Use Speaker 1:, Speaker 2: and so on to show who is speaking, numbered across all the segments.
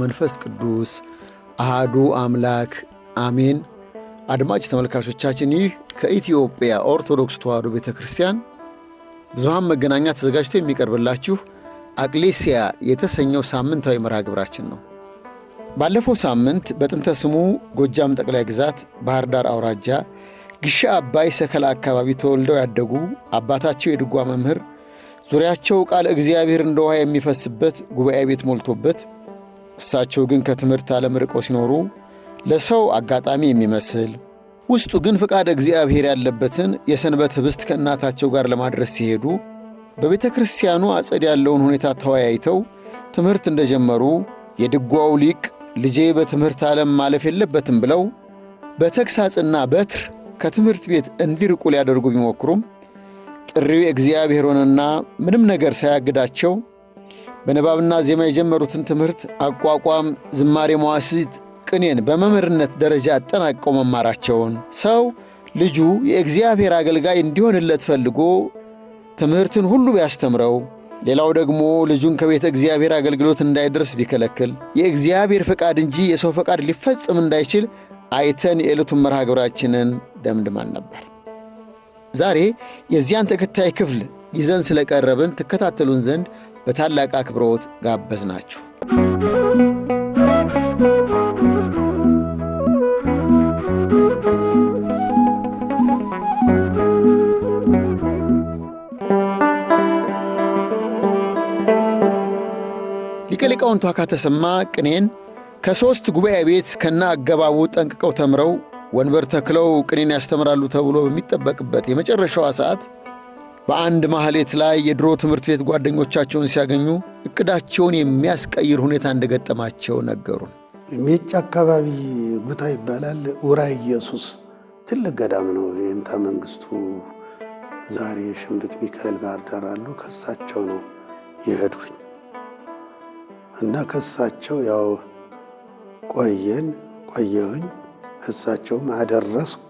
Speaker 1: ወመንፈስ ቅዱስ አህዱ አምላክ አሜን። አድማጭ ተመልካቾቻችን ይህ ከኢትዮጵያ ኦርቶዶክስ ተዋሕዶ ቤተ ክርስቲያን ብዙሃን መገናኛ ተዘጋጅቶ የሚቀርብላችሁ አቅሌሲያ የተሰኘው ሳምንታዊ መርሃ ግብራችን ነው። ባለፈው ሳምንት በጥንተ ስሙ ጎጃም ጠቅላይ ግዛት ባህር ዳር አውራጃ ግሻ አባይ ሰከላ አካባቢ ተወልደው ያደጉ አባታቸው የድጓ መምህር ዙሪያቸው ቃል እግዚአብሔር እንደ ውሃ የሚፈስበት ጉባኤ ቤት ሞልቶበት እሳቸው ግን ከትምህርት ዓለም ርቀው ሲኖሩ ለሰው አጋጣሚ የሚመስል ውስጡ ግን ፍቃድ እግዚአብሔር ያለበትን የሰንበት ህብስት ከእናታቸው ጋር ለማድረስ ሲሄዱ በቤተ ክርስቲያኑ አጸድ ያለውን ሁኔታ ተወያይተው ትምህርት እንደጀመሩ የድጓው ሊቅ ልጄ በትምህርት ዓለም ማለፍ የለበትም ብለው በተግሳጽና በትር ከትምህርት ቤት እንዲርቁ ሊያደርጉ ቢሞክሩም ጥሪው የእግዚአብሔር ሆነና ምንም ነገር ሳያግዳቸው በንባብና ዜማ የጀመሩትን ትምህርት አቋቋም፣ ዝማሬ፣ መዋሥዕት፣ ቅኔን በመምህርነት ደረጃ አጠናቀው መማራቸውን ሰው ልጁ የእግዚአብሔር አገልጋይ እንዲሆንለት ፈልጎ ትምህርትን ሁሉ ቢያስተምረው ሌላው ደግሞ ልጁን ከቤተ እግዚአብሔር አገልግሎት እንዳይደርስ ቢከለክል የእግዚአብሔር ፈቃድ እንጂ የሰው ፈቃድ ሊፈጽም እንዳይችል አይተን የዕለቱን መርሃ ግብራችንን ደምድማን ነበር። ዛሬ የዚያን ተከታይ ክፍል ይዘን ስለቀረብን ትከታተሉን ዘንድ በታላቅ አክብሮት ጋበዝ ሊቀ ሊቃውንቱ አካ ተሰማ ቅኔን ከሦስት ጉባኤ ቤት ከና አገባቡ ጠንቅቀው ተምረው ወንበር ተክለው ቅኔን ያስተምራሉ ተብሎ በሚጠበቅበት የመጨረሻዋ ሰዓት በአንድ ማህሌት ላይ የድሮ ትምህርት ቤት ጓደኞቻቸውን ሲያገኙ እቅዳቸውን የሚያስቀይር ሁኔታ እንደገጠማቸው ነገሩን።
Speaker 2: ሜጭ አካባቢ ጉታ ይባላል። ውራ ኢየሱስ ትልቅ ገዳም ነው። የእንታ መንግስቱ ዛሬ የሽንብት ሚካኤል ባህር ዳር አሉ። ከሳቸው ነው የሄድኩኝ እና ከሳቸው ያው ቆየን ቆየሁኝ። ከሳቸውም አደረስኩ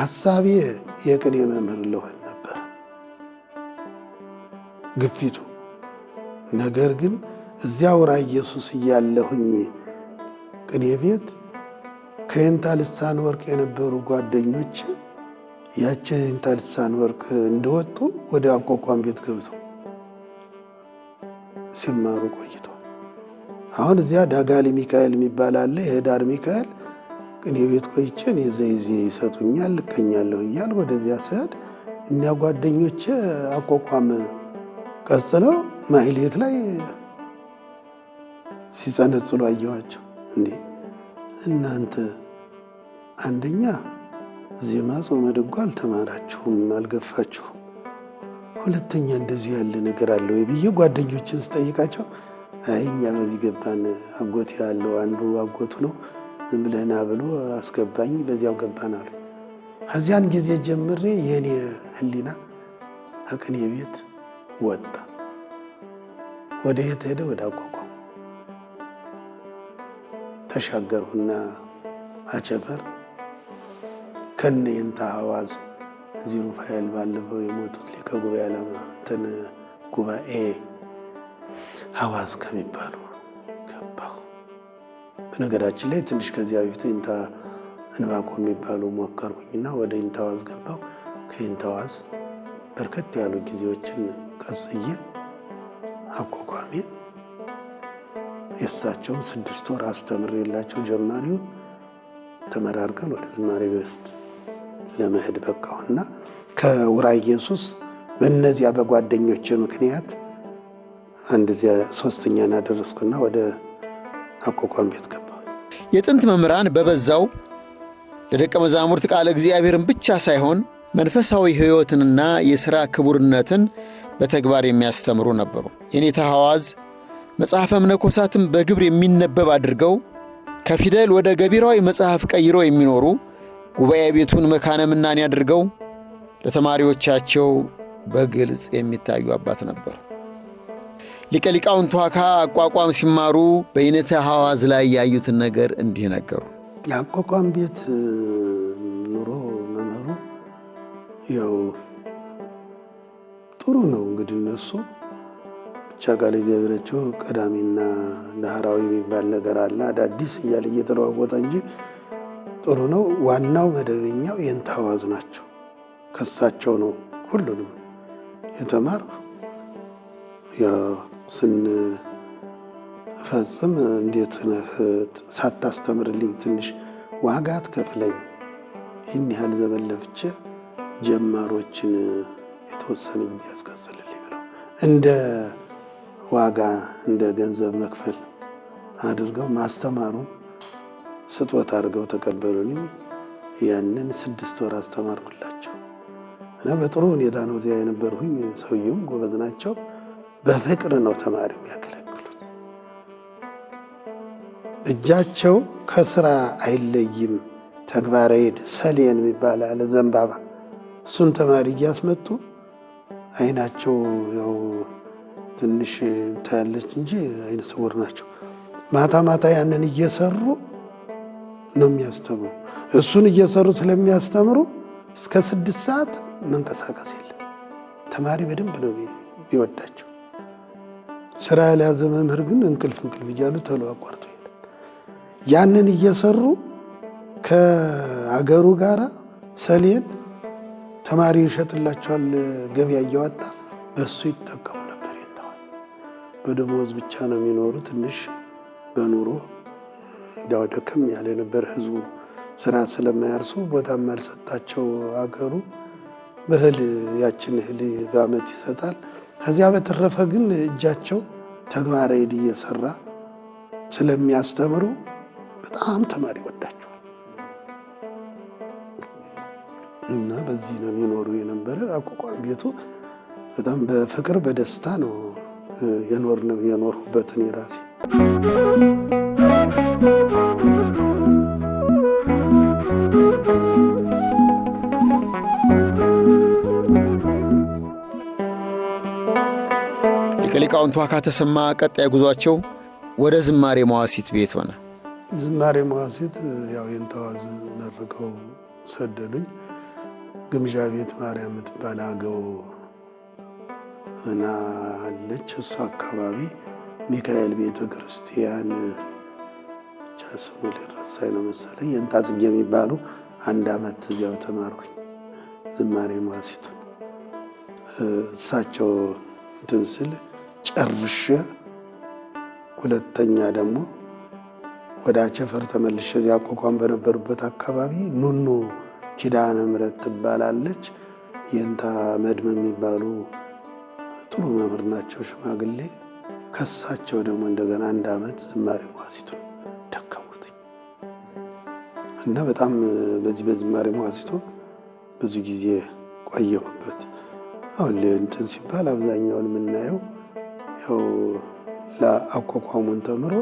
Speaker 2: አሳቤ የቅኔ መምህር ልሆን ነበር ግፊቱ። ነገር ግን እዚያ ውራ ኢየሱስ እያለሁኝ ቅኔ ቤት ከይንታ ልሳን ወርቅ የነበሩ ጓደኞች ያቺ ይንታ ልሳን ወርቅ እንደወጡ ወደ አቋቋም ቤት ገብተው ሲማሩ ቆይተው አሁን እዚያ ዳጋሊ ሚካኤል የሚባል አለ። የህዳር ሚካኤል እኔ ቤት ቆይቼ እኔ ዘይዜ ይሰጡኛል ልከኛለሁ እያል ወደዚያ ስሄድ እኒያ ጓደኞቼ አቋቋም ቀጽለው ማህሌት ላይ ሲጸነጽሉ አየኋቸው። እንዴ እናንተ አንደኛ ዜማ ጾመ ድጓ አልተማራችሁም፣ አልገፋችሁም። ሁለተኛ እንደዚህ ያለ ነገር አለ ወይ ብዬ ጓደኞችን ስጠይቃቸው አይ እኛ በዚህ ገባን፣ አጎት ያለው አንዱ አጎቱ ነው ዝም ብለህና ብሎ አስገባኝ። በዚያው ገባን አሉ። ከዚያን ጊዜ ጀምሬ የእኔ ህሊና ከቅኔ ቤት ወጣ። ወደ የት ሄደ? ወደ አቋቋም ተሻገርሁና አቸፈር ከነ የንታ ሐዋዝ እዚህ ሩፋኤል ባለፈው የሞቱት ሊቀ ጉባኤ እንትን ጉባኤ ሐዋዝ ከሚባሉ በነገራችን ላይ ትንሽ ከዚያ በፊት ኢንታ እንባቆ የሚባሉ ሞከርኩኝና ወደ ኢንታዋዝ ገባው። ከኢንታዋዝ በርከት ያሉ ጊዜዎችን ቀስዬ አቋቋሜ የእሳቸውም ስድስት ወር አስተምር የላቸው ጀማሪውን ተመራርቀን ወደ ዝማሬ ቤት ለመሄድ እና ከውራ ኢየሱስ በእነዚያ በጓደኞች ምክንያት አንድ ዚያ ሶስተኛ እናደረስኩና ወደ አቋቋም ቤት
Speaker 1: የጥንት መምህራን በበዛው ለደቀ መዛሙርት ቃለ እግዚአብሔርን ብቻ ሳይሆን መንፈሳዊ ሕይወትንና የሥራ ክቡርነትን በተግባር የሚያስተምሩ ነበሩ። የኔታ ሐዋዝ መጽሐፈ መነኮሳትን በግብር የሚነበብ አድርገው ከፊደል ወደ ገቢራዊ መጽሐፍ ቀይረው የሚኖሩ ጉባኤ ቤቱን መካነ ምናኔ አድርገው ለተማሪዎቻቸው በግልጽ የሚታዩ አባት ነበሩ። ሊቀ ሊቃውንቱ ዋካ አቋቋም ሲማሩ በይነተ ሐዋዝ ላይ ያዩትን ነገር እንዲህ ነገሩ።
Speaker 2: የአቋቋም ቤት ኑሮ መምህሩ ያው ጥሩ ነው። እንግዲህ እነሱ ብቻ ቃል እግዚአብሔራቸው ቀዳሚና ዳህራዊ የሚባል ነገር አለ። አዳዲስ እያለ እየተለዋወጠ እንጂ ጥሩ ነው። ዋናው መደበኛው የእንተ ሐዋዝ ናቸው። ከሳቸው ነው ሁሉንም የተማር ስንፈጽም እንዴት ነህ ሳታስተምርልኝ ትንሽ ዋጋ አትከፍለኝ? ይህን ያህል ዘመን ለፍቼ ጀማሮችን የተወሰነ ጊዜ አስቀጽልልኝ ብለው እንደ ዋጋ እንደ ገንዘብ መክፈል አድርገው ማስተማሩ ስጦት አድርገው ተቀበሉልኝ። ያንን ስድስት ወር አስተማርኩላቸው እና በጥሩ ሁኔታ ነው እዚያ የነበርሁኝ። ሰውየውም ጎበዝ ናቸው። በፍቅር ነው ተማሪ የሚያገለግሉት። እጃቸው ከስራ አይለይም። ተግባረ ሰሌን የሚባል አለ ዘንባባ፣ እሱን ተማሪ እያስመጡ አይናቸው ያው ትንሽ ታያለች እንጂ አይነ ስውር ናቸው። ማታ ማታ ያንን እየሰሩ ነው የሚያስተምሩ። እሱን እየሰሩ ስለሚያስተምሩ እስከ ስድስት ሰዓት መንቀሳቀስ የለም። ተማሪ በደንብ ነው የሚወዳቸው። ስራ ያልያዘ መምህር ግን እንቅልፍ እንቅልፍ እያሉ ተሎ አቋርጦ ያንን እየሰሩ ከአገሩ ጋር ሰሌን ተማሪ ይሸጥላቸዋል፣ ገበያ እያወጣ በሱ ይጠቀሙ ነበር። ይተዋል በደሞዝ ብቻ ነው የሚኖሩ። ትንሽ በኑሮ ያው ደከም ያለ ነበር ህዝቡ። ስራ ስለማያርሱ ቦታም አልሰጣቸው አገሩ በእህል ያችን እህል በአመት ይሰጣል። ከዚያ በተረፈ ግን እጃቸው ተግባረ ሄድ እየሰራ ስለሚያስተምሩ በጣም ተማሪ ወዳቸዋል እና በዚህ ነው የሚኖሩ የነበረ። አቋቋም ቤቱ በጣም በፍቅር በደስታ ነው የኖርንብ የኖርሁበትን የራሴ
Speaker 1: ሊቃውንቱ ዋካ ተሰማ ቀጣይ ጉዟቸው ወደ ዝማሬ መዋሲት ቤት ሆነ።
Speaker 2: ዝማሬ መዋሲት ያው የንተዋዝ መርቀው ሰደዱኝ። ግምዣ ቤት ማርያም የምትባል አገው እና አለች። እሱ አካባቢ ሚካኤል ቤተ ክርስቲያን ብቻ ስሙ ሊረሳኝ ነው መሰለኝ። የንታ ጽጌ የሚባሉ አንድ አመት እዚያው ተማርኩኝ። ዝማሬ መዋሲቱ እሳቸው እንትን ስል ጨርሼ ሁለተኛ ደግሞ ወደ አቸፈር ተመልሼ እዚያ አቋቋም በነበሩበት አካባቢ ኑኖ ኪዳነ ምሕረት ትባላለች። የእንታ መድም የሚባሉ ጥሩ መምህር ናቸው፣ ሽማግሌ። ከሳቸው ደግሞ እንደገና አንድ ዓመት ዝማሬ መዋሲቱ ደከሙትኝ እና በጣም በዚህ በዝማሬ መዋሲቱ ብዙ ጊዜ ቆየሁበት። አሁን እንትን ሲባል አብዛኛውን የምናየው ያው ለአቋቋሙን ተምሮ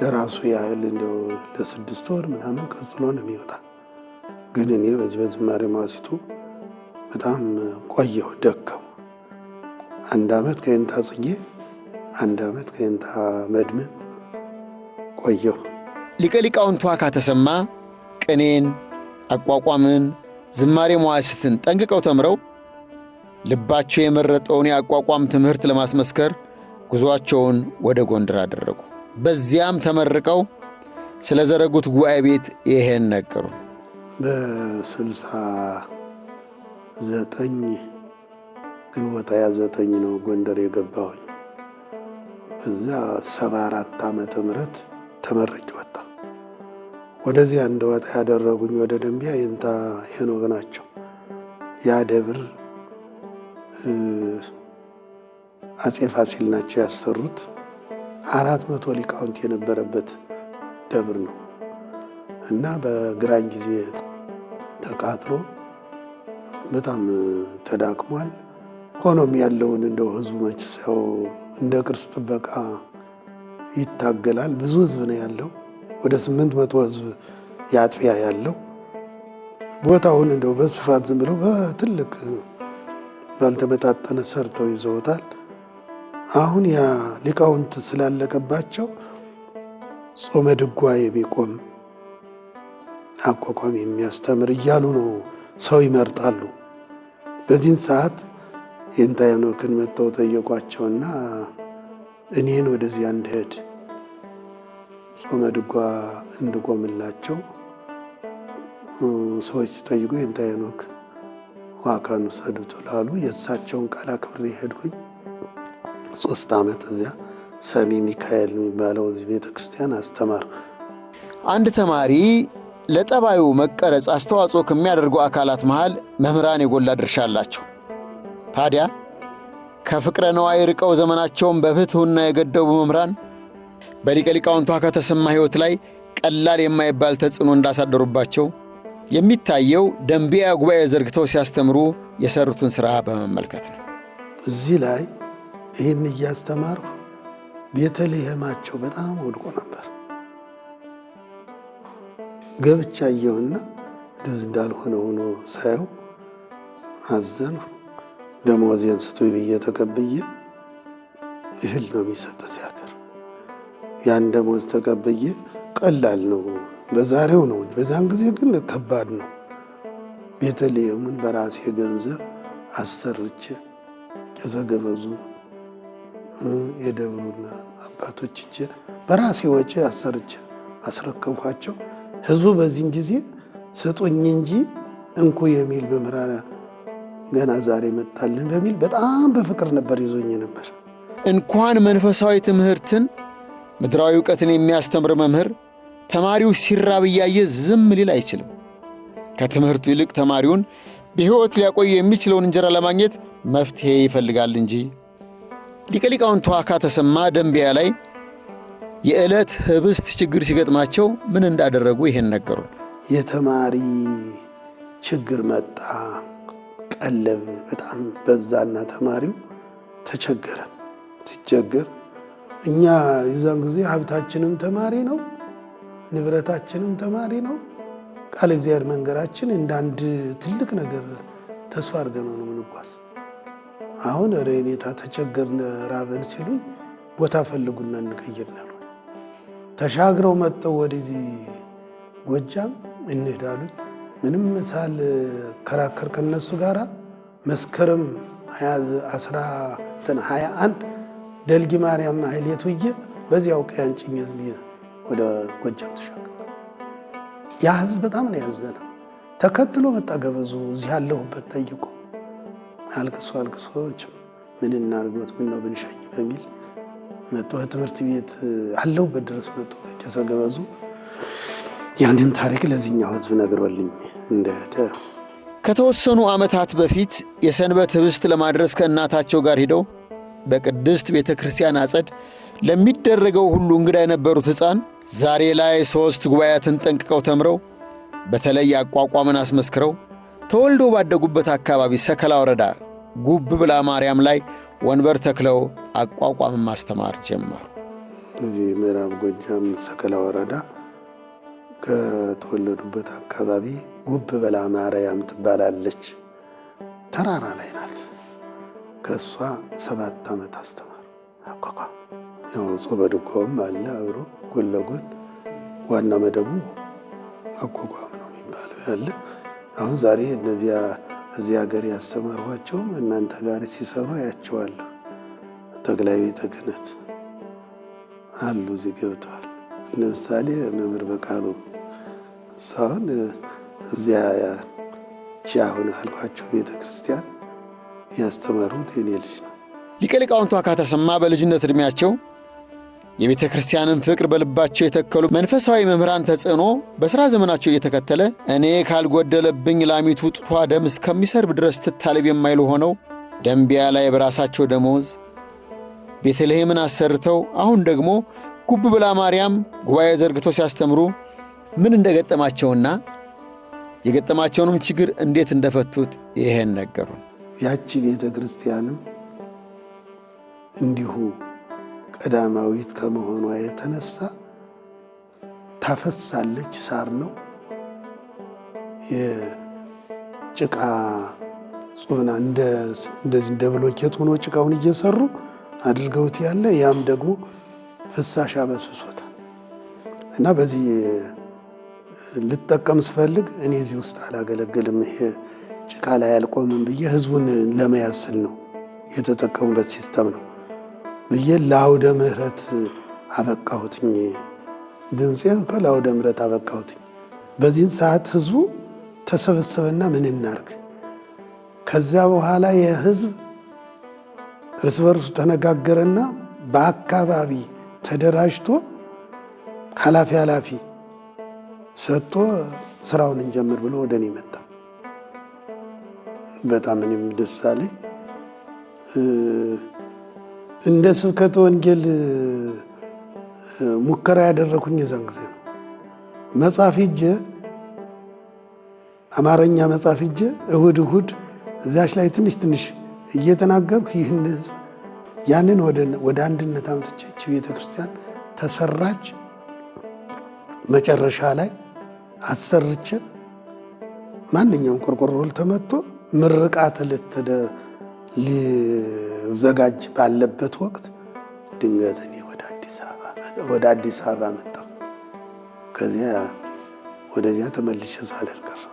Speaker 2: ለራሱ ያህል እንደው ለስድስት ወር ምናምን ቀጽሎ ነው የሚወጣ። ግን እኔ በዚህ በዝማሬ ማሲቱ በጣም ቆየሁ፣ ደከሙ። አንድ ዓመት ከይንታ ጽጌ፣ አንድ ዓመት ከይንታ መድመን ቆየሁ።
Speaker 1: ሊቀ ሊቃውንቱ ዋካ ቅኔን፣ አቋቋምን፣ ዝማሬ መዋሥዕትን ጠንቅቀው ተምረው ልባቸው የመረጠውን የአቋቋም ትምህርት ለማስመስከር ጉዞአቸውን ወደ ጎንደር አደረጉ። በዚያም ተመርቀው ስለ ዘረጉት ጉባኤ ቤት ይሄን ነገሩ።
Speaker 2: በስልሳ ዘጠኝ ግንቦት ሃያ ዘጠኝ ነው ጎንደር የገባሁኝ። እዚያ ሰባ አራት ዓመተ ምህረት ተመርቄ ወጣ። ወደዚያ እንደወጣ ያደረጉኝ ወደ ደንቢያ ይንታ ሄኖግ ናቸው። ያ ደብር አጼ ፋሲል ናቸው ያሰሩት። አራት መቶ ሊቃውንት የነበረበት ደብር ነው እና በግራኝ ጊዜ ተቃጥሎ በጣም ተዳክሟል። ሆኖም ያለውን እንደው ህዝቡ መች ሰው እንደ ቅርስ ጥበቃ ይታገላል። ብዙ ህዝብ ነው ያለው፣ ወደ ስምንት መቶ ህዝብ ያጥቢያ ያለው ቦታውን እንደው በስፋት ዝም ብለው በትልቅ ባልተመጣጠነ ሰርተው ይዘውታል። አሁን ያ ሊቃውንት ስላለቀባቸው ጾመ ድጓ የሚቆም አቋቋም የሚያስተምር እያሉ ነው ሰው ይመርጣሉ። በዚህን ሰዓት ይህንታ ያኖክን መጥተው ጠየቋቸውና እኔን ወደዚያ እንድሄድ ጾመ ድጓ እንድቆምላቸው ሰዎች ሲጠይቁ ይንታ ያኖክ ዋካኑ ሰዱት ላሉ የእሳቸውን ቃል አክብሬ ሄድኩኝ። ሶስት ዓመት እዚያ ሰሚ ሚካኤል የሚባለው ቤተ ክርስቲያን አስተማር።
Speaker 1: አንድ ተማሪ ለጠባዩ መቀረጽ አስተዋጽኦ ከሚያደርጉ አካላት መሃል መምህራን የጎላ ድርሻ አላቸው። ታዲያ ከፍቅረ ነዋይ ርቀው ዘመናቸውን በፍትሁና የገደቡ መምህራን በሊቀ ሊቃውንቷ ከተሰማ ሕይወት ላይ ቀላል የማይባል ተጽዕኖ እንዳሳደሩባቸው የሚታየው ደንቢያ ጉባኤ ዘርግተው ሲያስተምሩ የሰሩትን ሥራ በመመልከት ነው።
Speaker 2: እዚህ ላይ ይህን እያስተማርኩ ቤተልሔማቸው በጣም ወድቆ ነበር። ገብቻ ድዝ እንዳልሆነ ሆኖ ሳየው አዘንሁ። ደሞዝ የንስቶ ብዬ ተቀብዬ እህል ነው የሚሰጥ ሲያገር ያን ደሞዝ ተቀብዬ ቀላል ነው በዛሬው ነው እንጂ በዛን ጊዜ ግን ከባድ ነው። ቤተልሔምን በራሴ ገንዘብ አሰርቼ ከዘገበዙ የደብሩና አባቶች እጅ በራሴ ወጪ አሰርቼ አስረከብኳቸው። ህዝቡ በዚህን ጊዜ ስጡኝ እንጂ እንኩ የሚል መምህራን ገና ዛሬ መጣልን በሚል በጣም በፍቅር ነበር ይዞኝ ነበር።
Speaker 1: እንኳን መንፈሳዊ ትምህርትን ምድራዊ እውቀትን የሚያስተምር መምህር ተማሪው ሲራብ እያየ ዝም ሊል አይችልም። ከትምህርቱ ይልቅ ተማሪውን በሕይወት ሊያቆይ የሚችለውን እንጀራ ለማግኘት መፍትሔ ይፈልጋል እንጂ ሊቀሊቃውንቱ አካ ተሰማ ደንቢያ ላይ የዕለት ህብስት ችግር ሲገጥማቸው ምን እንዳደረጉ ይሄን ነገሩን።
Speaker 2: የተማሪ ችግር መጣ፣ ቀለብ በጣም በዛና ተማሪው ተቸገረ። ሲቸገር እኛ የዛን ጊዜ ሀብታችንም ተማሪ ነው፣ ንብረታችንም ተማሪ ነው። ቃለ እግዚአብሔር መንገራችን እንደ አንድ ትልቅ ነገር ተስፋ አድርገን ነው የምንጓዝ አሁን ኧረ የኔታ ተቸገርን፣ ራበን ሲሉን ቦታ ፈልጉና እንቀይርናሉ። ተሻግረው መጥተው ወደዚህ ጎጃም እንሄዳሉኝ። ምንም ሳል ከራከር ከነሱ ጋር መስከረም 21 ደልጊ ማርያም ኃይሌት ውዬ በዚያው ቀያን ጭኝ ህዝብ ወደ ጎጃም ተሻገረ። ያ ህዝብ በጣም ነው ያዘነ። ተከትሎ መጣ ገበዙ እዚህ ያለሁበት ጠይቆ አልቅሶ አልቅሶች ምን እናርጎት ምን ነው ብንሸኝ በሚል መጥቶ ትምህርት ቤት አለሁበት ድረስ መጥቶ ቄሰ ገበዙ ያንን ታሪክ ለዚህኛው ህዝብ ነግሮልኝ እንደሄደ
Speaker 1: ከተወሰኑ ዓመታት በፊት የሰንበት ህብስት ለማድረስ ከእናታቸው ጋር ሂደው በቅድስት ቤተ ክርስቲያን አጸድ ለሚደረገው ሁሉ እንግዳ የነበሩት ሕፃን ዛሬ ላይ ሦስት ጉባኤያትን ጠንቅቀው ተምረው በተለይ አቋቋምን አስመስክረው ተወልዶ ባደጉበት አካባቢ ሰከላ ወረዳ ጉብ ብላ ማርያም ላይ ወንበር ተክለው አቋቋም ማስተማር ጀመሩ።
Speaker 2: እዚህ ምዕራብ ጎጃም ሰከላ ወረዳ ከተወለዱበት አካባቢ ጉብ ብላ ማርያም ትባላለች። ተራራ ላይ ናት። ከእሷ ሰባት ዓመት አስተማር አቋቋም ነው። ጾመ ድጓውም አለ አብሮ ጎን ለጎን ዋና መደቡ አቋቋም ነው የሚባለው ያለ አሁን ዛሬ እነዚያ እዚህ ሀገር ያስተማርኋቸውም እናንተ ጋር ሲሰሩ አያቸዋለሁ። ጠቅላይ ቤተ ክህነት አሉ እዚህ ገብተዋል። ለምሳሌ መምህር በቃሉ ሳሁን እዚያ ቺ አሁን አልኳቸው ቤተ ክርስቲያን ያስተማሩት የኔ ልጅ ነው።
Speaker 1: ሊቀ ሊቃውንቱ አካተ በልጅነት እድሜያቸው የቤተ ክርስቲያንን ፍቅር በልባቸው የተከሉ መንፈሳዊ መምህራን ተጽዕኖ በሥራ ዘመናቸው እየተከተለ እኔ ካልጎደለብኝ ላሚቱ ጡቷ ደም እስከሚሰርብ ድረስ ትታለብ የማይሉ ሆነው ደንቢያ ላይ በራሳቸው ደመወዝ ቤተልሔምን አሰርተው አሁን ደግሞ ጉብ ብላ ማርያም ጉባኤ ዘርግተው ሲያስተምሩ ምን እንደገጠማቸውና የገጠማቸውንም ችግር እንዴት እንደፈቱት ይሄን ነገሩን።
Speaker 2: ያቺ ቤተ ክርስቲያንም እንዲሁ ቀዳማዊት ከመሆኗ የተነሳ ታፈሳለች። ሳር ነው የጭቃ ጹብና እንደዚህ እንደ ብሎኬት ሆኖ ጭቃውን እየሰሩ አድርገውት ያለ ያም ደግሞ ፍሳሽ አበስብሶታል እና በዚህ ልጠቀም ስፈልግ እኔ እዚህ ውስጥ አላገለግልም፣ ይሄ ጭቃ ላይ አልቆምም ብዬ ህዝቡን ለመያዝ ስል ነው የተጠቀሙበት ሲስተም ነው። ብዬ ለአውደ ምሕረት አበቃሁትኝ። ድምፄን እኮ ለአውደ ምሕረት አበቃሁትኝ። በዚህን ሰዓት ህዝቡ ተሰበሰበና ምን እናርግ? ከዚያ በኋላ የህዝብ እርስ በርሱ ተነጋገረና በአካባቢ ተደራጅቶ ኃላፊ ኃላፊ ሰጥቶ ስራውን እንጀምር ብሎ ወደ እኔ መጣ። በጣም እኔም ደስ አለኝ። እንደ ስብከተ ወንጌል ሙከራ ያደረኩኝ የዛን ጊዜ ነው። መጽሐፍ ሂጄ አማርኛ መጽሐፍ ሂጄ እሁድ እሁድ እዚያች ላይ ትንሽ ትንሽ እየተናገርኩ ይህን ህዝብ ያንን ወደ አንድነት አምጥቼች ቤተ ክርስቲያን ተሰራች። መጨረሻ ላይ አሰርቼ ማንኛውም ቆርቆሮ ተመቶ ምርቃት ልትደ ዘጋጅ ባለበት ወቅት ድንገት እኔ ወደ አዲስ አበባ ወደ አዲስ አበባ መጣሁ። ከዚያ ወደዚያ ተመልሼ ሳልሄድ ቀረሁ።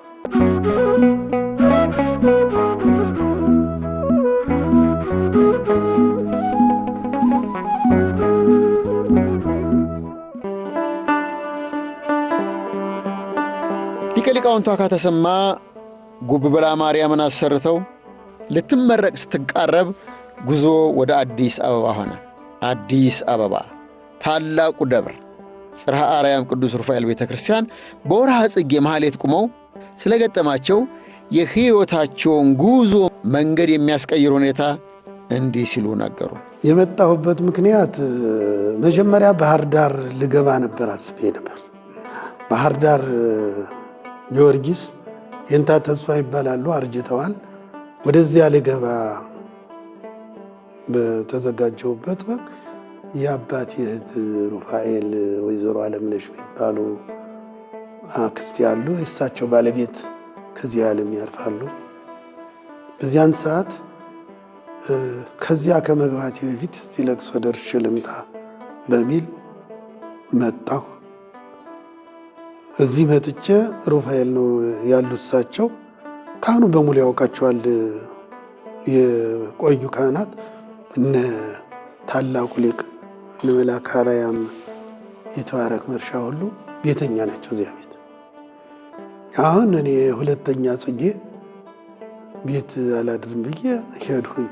Speaker 1: ሊቀ ሊቃውንቱ አካ ጉብ ብላ ማርያምን አሰርተው ልትመረቅ ስትቃረብ ጉዞ ወደ አዲስ አበባ ሆነ። አዲስ አበባ ታላቁ ደብር ጽርሐ አርያም ቅዱስ ሩፋኤል ቤተ ክርስቲያን በወርሃ ጽጌ መሐሌት ቁመው ስለገጠማቸው የሕይወታቸውን ጉዞ መንገድ የሚያስቀይር ሁኔታ እንዲህ ሲሉ ነገሩ።
Speaker 2: የመጣሁበት ምክንያት መጀመሪያ ባህር ዳር ልገባ ነበር አስቤ ነበር። ባህር ዳር ጊዮርጊስ የንታ ተስፋ ይባላሉ፣ አርጅተዋል። ወደዚያ ልገባ በተዘጋጀሁበት ወቅት የአባት እህት ሩፋኤል ወይዘሮ አለምነሽ የሚባሉ አክስት ያሉ የእሳቸው ባለቤት ከዚህ ዓለም ያልፋሉ። በዚያን ሰዓት ከዚያ ከመግባቴ በፊት እስቲ ለቅሶ ደርሼ ልምጣ በሚል መጣሁ። እዚህ መጥቼ ሩፋኤል ነው ያሉ እሳቸው። ካህኑ በሙሉ ያውቃቸዋል፣ የቆዩ ካህናት እነ ታላቁ ሊቅ እነ መልአከ ራያም የተባረክ መርሻ ሁሉ ቤተኛ ናቸው እዚያ ቤት። አሁን እኔ ሁለተኛ ጽጌ ቤት አላድርም ብዬ ሄድሁኝ።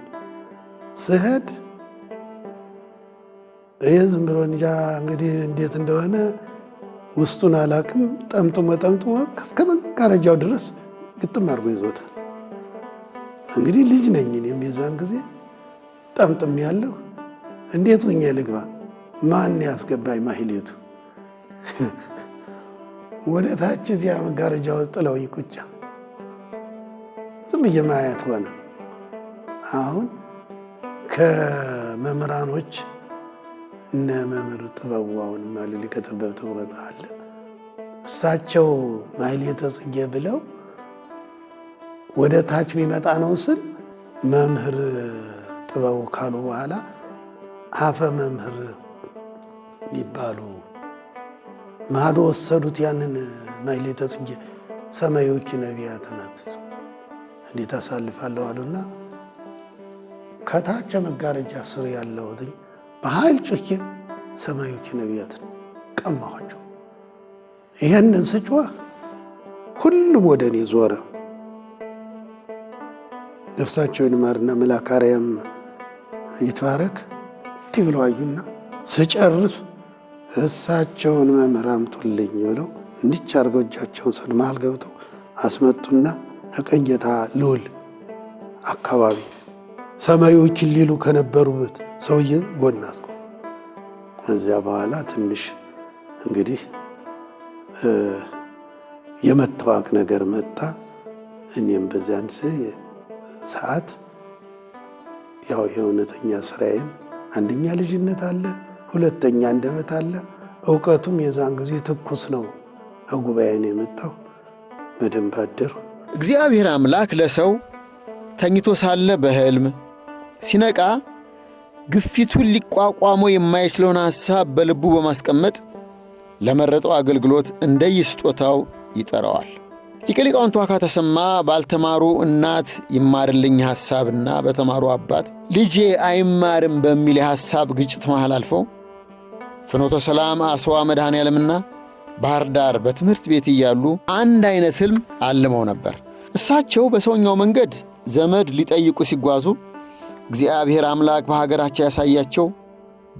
Speaker 2: ስሄድ ይህ ዝም ብሎ እንጃ እንግዲህ እንዴት እንደሆነ ውስጡን አላቅም። ጠምጥሞ ጠምጥሞ እስከ መጋረጃው ድረስ ግጥም አድርጎ ይዞታል። እንግዲህ ልጅ ነኝ እኔም የዛን ጊዜ ጠምጥም ያለው እንዴት ሆኜ ልግባ? ማን ያስገባኝ? ማህሌቱ ወደ ታች እዚያ መጋረጃው ጥለውኝ ቁጫ ዝም ማየት ሆነ። አሁን ከመምህራኖች እነ መምህር ጥበዋውን አሁን ማሉ ሊቀጠበብ ተውበት አለ እሳቸው ማህሌተ ጽጌ ብለው ወደ ታች የሚመጣ ነው ስል መምህር ጥበቡ ካሉ በኋላ አፈ መምህር የሚባሉ ማዶ ወሰዱት ያንን ማኅሌተ ጽጌ ሰማዮች ነቢያት ናት እንዴት አሳልፋለሁ አሉና ከታች መጋረጃ ስር ያለውትኝ በኃይል ጮኬ ሰማዮች ነቢያትን ቀማኋቸው። ይህንን ስጮህ ሁሉም ወደ እኔ ዞረ። ነፍሳቸውን ይማርና መልአከ አርያም ይትባረክ ትብለዋዩና ስጨርስ እሳቸውን መምህር አምጡልኝ ብለው እንዲች አድርገው እጃቸውን ሰድ መሃል ገብተው አስመጡና ከቀኝ ጌታ አካባቢ ሰማዩ ኪሊሉ ከነበሩበት ሰውዬ ጎን አስቆ ከዚያ በኋላ ትንሽ እንግዲህ የመታወቅ ነገር መጣ። እኔም በዚያን ሰዓት ያው የእውነተኛ ስራዬም አንደኛ ልጅነት አለ፣ ሁለተኛ አንደበት አለ። እውቀቱም የዛን ጊዜ ትኩስ ነው። ከጉባኤ የመጣው። በደንብ አደር።
Speaker 1: እግዚአብሔር አምላክ ለሰው ተኝቶ ሳለ በሕልም ሲነቃ ግፊቱን ሊቋቋሞ የማይችለውን ሐሳብ በልቡ በማስቀመጥ ለመረጠው አገልግሎት እንደየስጦታው ይጠራዋል። ሊቀሊቃውንቱ ዋካ ተሰማ ባልተማሩ እናት ይማርልኝ ሐሳብና በተማሩ አባት ልጄ አይማርም በሚል የሐሳብ ግጭት መሃል አልፈው ፍኖተ ሰላም አስዋ መድኃኔ ዓለምና ባህር ዳር በትምህርት ቤት እያሉ አንድ አይነት ሕልም አልመው ነበር። እሳቸው በሰውኛው መንገድ ዘመድ ሊጠይቁ ሲጓዙ እግዚአብሔር አምላክ በሀገራቸው ያሳያቸው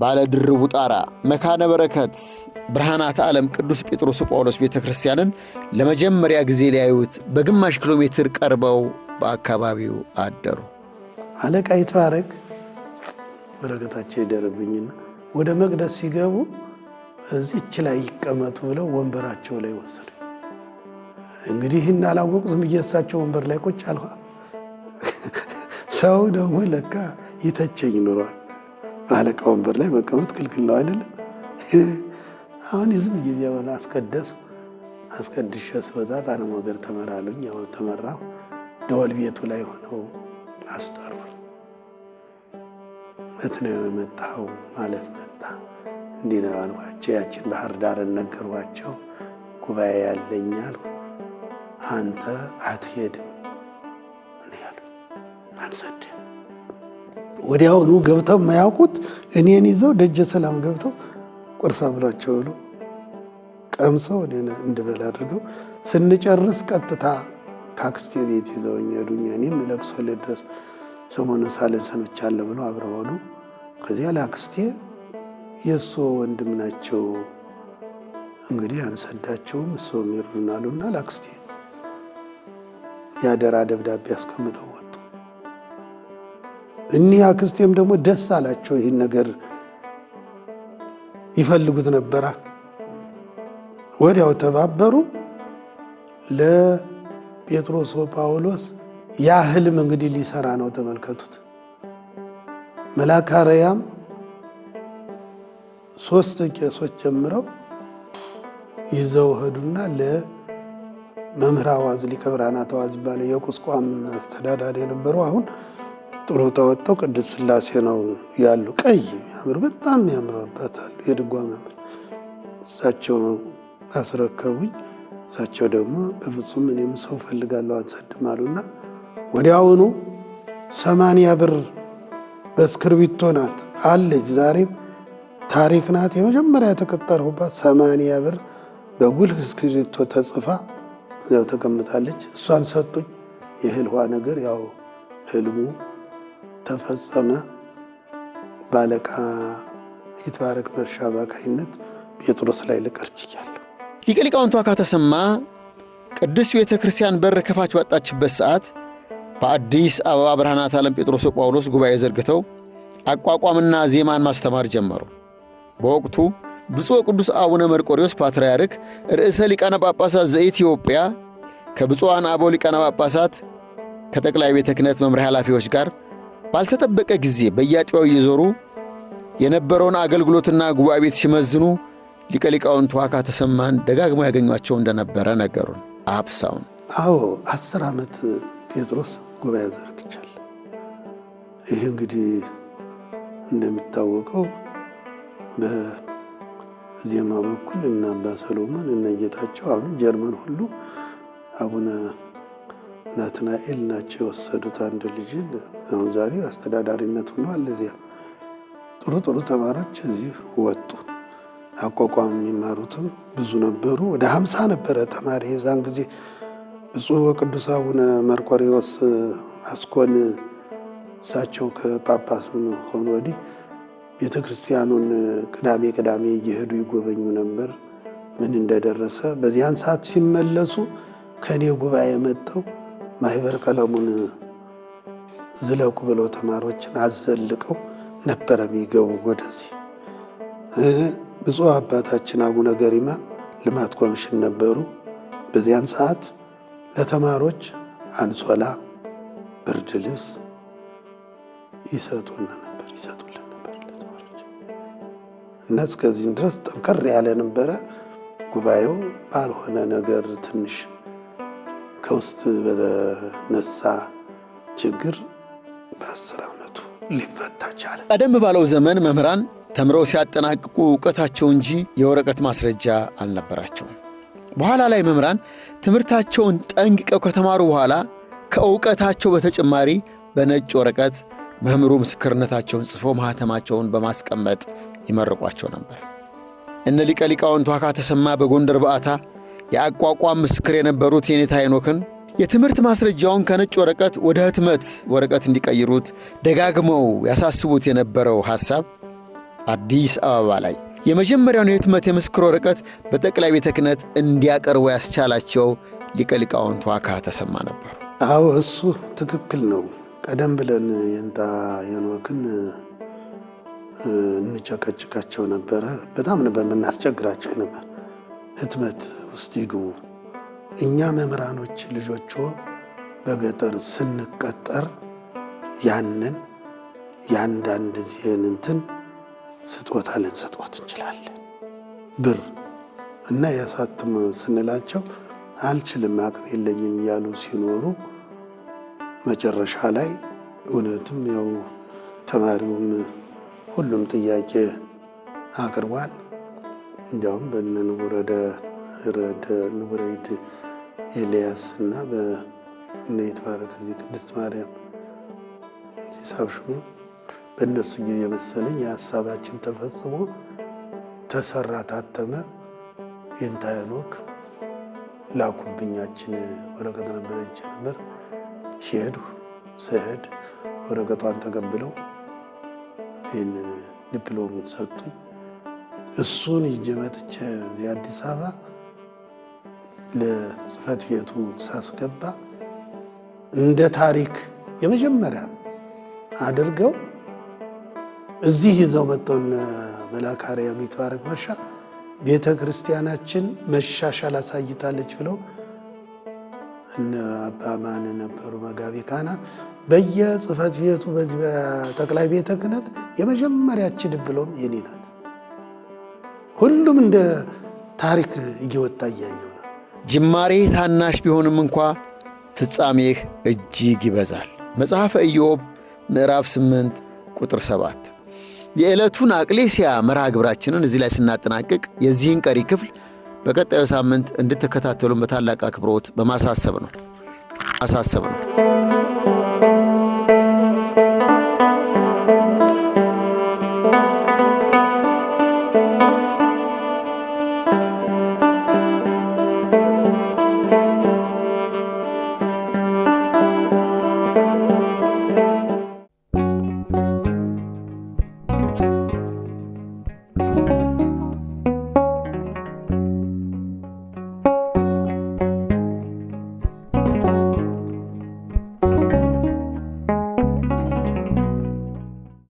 Speaker 1: ባለ ድርቡ ጣራ መካነ በረከት ብርሃናተ ዓለም ቅዱስ ጴጥሮስ ጳውሎስ ቤተ ክርስቲያንን ለመጀመሪያ ጊዜ ሊያዩት በግማሽ ኪሎ ሜትር ቀርበው በአካባቢው አደሩ።
Speaker 2: አለቃ ይትባረክ በረከታቸው ይደርብኝና ወደ መቅደስ ሲገቡ እዚች ላይ ይቀመጡ ብለው ወንበራቸው ላይ ወሰዱ። እንግዲህ ይህን አላወቅ ዝም ወንበር ላይ ቁጭ አልኋ። ሰው ደግሞ ለካ ይተቸኝ ኑሯል። አለቃ ወንበር ላይ መቀመጥ ክልክል ነው አይደለም። አሁን የዝም ጊዜ ሆነ አስቀደሱ አስቀድሸ ስወጣ ጣንም ወገር ተመራሉኝ። ያው ተመራሁ። ደወል ቤቱ ላይ ሆነው አስጠሩ። መት ነው የመጣኸው ማለት መጣ። እንዲህ ነው አልኳቸው። ያችን ባህር ዳርን ነገርኳቸው። ጉባኤ ያለኝ አልኩ። አንተ አትሄድም ያሉ አንሰድ ወዲያውኑ ገብተው የማያውቁት እኔን ይዘው ደጀ ሰላም ገብተው ቁርስ አብሯቸው ብሎ ቀምሰው እኔን እንድበላ አድርገው ስንጨርስ ቀጥታ ካክስቴ ቤት ይዘውኝ ሄዱኝ። እኔም ለቅሶ ልድረስ ሰሞኑን ሳልል ሰንብቻለሁ ብሎ አብረው ሆኑ። ከዚያ ለአክስቴ የእሶ ወንድም ናቸው እንግዲህ አንሰዳቸውም እሱም ይሩናሉና ላክስቴ የአደራ ደብዳቤ አስቀምጠው ወጡ። እኒህ አክስቴም ደግሞ ደስ አላቸው ይህን ነገር ይፈልጉት ነበረ። ወዲያው ተባበሩ። ለጴጥሮስ ወጳውሎስ ያ ህልም እንግዲህ ሊሰራ ነው። ተመልከቱት። መልአከ ራእያም ሶስት ቄሶች ጀምረው ይዘው ሄዱና ለመምህር አዋዝ ሊቀ ብርሃናት አዋዝ ይባላል የቁስቋም አስተዳዳሪ የነበረው አሁን ጥሩ ተወጥተው ቅድስት ስላሴ ነው ያሉ። ቀይ የሚያምር በጣም የሚያምር አባታሉ የድጓ መምህር። እሳቸው አስረከቡኝ። እሳቸው ደግሞ በፍጹም እኔም ሰው ፈልጋለሁ አንሰድም አሉና ወዲያውኑ ሰማንያ ብር በእስክርቢቶ ናት አለች። ዛሬም ታሪክ ናት። የመጀመሪያ የተቀጠርሁባት ሰማንያ ብር በጉልህ እስክርቢቶ ተጽፋ ያው ተቀምጣለች። እሷን ሰጡኝ። የህልዋ ነገር ያው ህልሙ ተፈጸመ። ባለቃ ይትባረክ መርሻ አባካይነት ጴጥሮስ ላይ ልቀር
Speaker 1: ሊቀ ሊቃውንቱ ተሰማ ቅድስት ቤተ ክርስቲያን በር ከፋች ባጣችበት ሰዓት በአዲስ አበባ ብርሃናት ዓለም ጴጥሮስ ጳውሎስ ጉባኤ ዘርግተው አቋቋምና ዜማን ማስተማር ጀመሩ። በወቅቱ ብፁዕ ቅዱስ አቡነ መርቆሪዎስ ፓትርያርክ ርዕሰ ሊቃነ ጳጳሳት ዘኢትዮጵያ ከብፁዓን አበው ሊቃነ ጳጳሳት ከጠቅላይ ቤተ ክህነት መምሪያ ኃላፊዎች ጋር ባልተጠበቀ ጊዜ በየአጥቢያው እየዞሩ የነበረውን አገልግሎትና ጉባኤ ቤት ሲመዝኑ ሊቀ ሊቃውንቱ ዋካ ተሰማን ደጋግመው ያገኟቸው እንደነበረ ነገሩን። አብሳውን
Speaker 2: አዎ፣ አስር ዓመት ጴጥሮስ ጉባኤ ዘርግቻል። ይህ እንግዲህ እንደሚታወቀው በዜማ በኩል እና አባ ሰሎሞን እነ ጌታቸው አሁን ጀርመን ሁሉ አቡነ ናትናኤል ናቸው የወሰዱት። አንድ ልጅን አሁን ዛሬ አስተዳዳሪነት ሆኗል። እዚያ ጥሩ ጥሩ ተማሪዎች እዚህ ወጡ። አቋቋም የሚማሩትም ብዙ ነበሩ። ወደ ሀምሳ ነበረ ተማሪ የዛን ጊዜ ብፁዕ ወቅዱስ አቡነ መርቆሬዎስ አስኮን እሳቸው ከጳጳስም ሆኑ ወዲህ ቤተ ክርስቲያኑን ቅዳሜ ቅዳሜ እየሄዱ ይጎበኙ ነበር። ምን እንደደረሰ በዚያን ሰዓት ሲመለሱ ከእኔ ጉባኤ መጥተው ማህበር ቀለሙን ዝለቁ ብለው ተማሪዎችን አዘልቀው ነበረ የሚገቡ ወደዚህ። ብፁዕ አባታችን አቡነ ገሪማ ልማት ኮሚሽን ነበሩ። በዚያን ሰዓት ለተማሪዎች አንሶላ፣ ብርድ ልብስ ይሰጡን ነበር ይሰጡልን ነበር ለተማሪዎች እና እስከዚህም ድረስ ጠንከር ያለ ነበረ ጉባኤው ባልሆነ ነገር ትንሽ ከውስጥ በተነሳ ችግር በአስር ዓመቱ ሊፈታ ቻለ።
Speaker 1: ቀደም ባለው ዘመን መምህራን ተምረው ሲያጠናቅቁ እውቀታቸው እንጂ የወረቀት ማስረጃ አልነበራቸውም። በኋላ ላይ መምህራን ትምህርታቸውን ጠንቅቀው ከተማሩ በኋላ ከእውቀታቸው በተጨማሪ በነጭ ወረቀት መምህሩ ምስክርነታቸውን ጽፎ ማኅተማቸውን በማስቀመጥ ይመርቋቸው ነበር። እነ ሊቀ ሊቃውንት ዋካ ተሰማ በጎንደር በዓታ የአቋቋም ምስክር የነበሩት የኔታ ሄኖክን የትምህርት ማስረጃውን ከነጭ ወረቀት ወደ ህትመት ወረቀት እንዲቀይሩት ደጋግመው ያሳስቡት የነበረው ሐሳብ አዲስ አበባ ላይ የመጀመሪያውን የህትመት የምስክር ወረቀት በጠቅላይ ቤተ ክህነት እንዲያቀርቡ ያስቻላቸው ሊቀ ዋካ ተሰማ ነበር።
Speaker 2: አዎ እሱ ትክክል ነው። ቀደም ብለን የኔታ ሄኖክን እንጨቀጭቃቸው ነበረ። በጣም ነበር የምናስቸግራቸው ነበር ህትመት ውስጥ ይግቡ። እኛ መምህራኖች ልጆቹ በገጠር ስንቀጠር ያንን የአንዳንድ ዚህን እንትን ስጦታ ልንሰጥዎት እንችላለን። ብር እና ያሳትም ስንላቸው አልችልም አቅም የለኝም እያሉ ሲኖሩ መጨረሻ ላይ እውነትም ያው ተማሪውም ሁሉም ጥያቄ አቅርቧል። እንዲያውም በነ ንቡረደ ረደ ንቡረይድ ኤልያስ እና በነ የተባረከ እዚህ ቅድስት ማርያም ሳብሹ በእነሱ ጊዜ መሰለኝ የሀሳባችን ተፈጽሞ ተሰራ፣ ታተመ። ይህንታ ላኩብኛችን ወረቀት ነበረች ነበር። ሄድሁ ስሄድ ወረቀቷን ተቀብለው ይህንን ዲፕሎሙን ሰጡኝ። እሱን ይዤ መጥቼ እዚህ አዲስ አበባ ለጽህፈት ቤቱ ሳስገባ እንደ ታሪክ የመጀመሪያ አድርገው እዚህ ይዘው መጠውን መላካሪያ የሚተባረክ መርሻ ቤተ ክርስቲያናችን መሻሻል አሳይታለች ብለው እነ አባማን ነበሩ መጋቢ ካህናት በየጽህፈት ቤቱ በዚህ በጠቅላይ ቤተ ክህነት የመጀመሪያችን ብሎም የኔ ናት። ሁሉም እንደ ታሪክ እየወጣ እያየው ነው።
Speaker 1: ጅማሬህ ታናሽ ቢሆንም እንኳ ፍጻሜህ እጅግ ይበዛል። መጽሐፈ ኢዮብ ምዕራፍ 8 ቁጥር 7። የዕለቱን አቅሌስያ መርሃ ግብራችንን እዚህ ላይ ስናጠናቅቅ የዚህን ቀሪ ክፍል በቀጣዩ ሳምንት እንድትከታተሉን በታላቅ አክብሮት በማሳሰብ ነው አሳሰብ ነው።